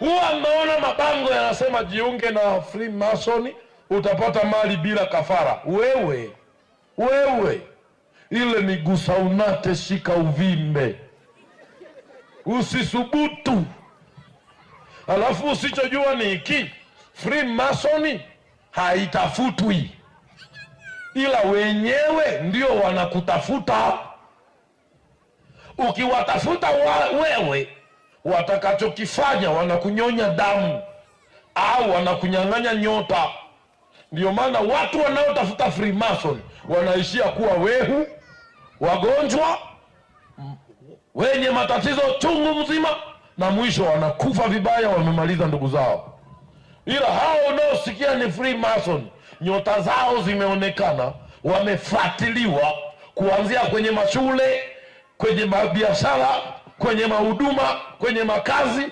huwa naona mabango yanasema jiunge na free masoni utapata mali bila kafara. Wewe wewe, ile ni unate, shika uvimbe, usisubutu. Alafu usichojua ni iki free masoni haitafutwi, ila wenyewe ndio wanakutafuta. Ukiwatafuta wa, wewe watakachokifanya wanakunyonya damu au wanakunyang'anya nyota. Ndio maana watu wanaotafuta Freemason wanaishia kuwa wehu, wagonjwa, wenye matatizo chungu mzima, na mwisho wanakufa vibaya, wamemaliza ndugu zao. Ila hao unaosikia ni Freemason, nyota zao zimeonekana, wamefuatiliwa kuanzia kwenye mashule, kwenye mabiashara kwenye mahuduma, kwenye makazi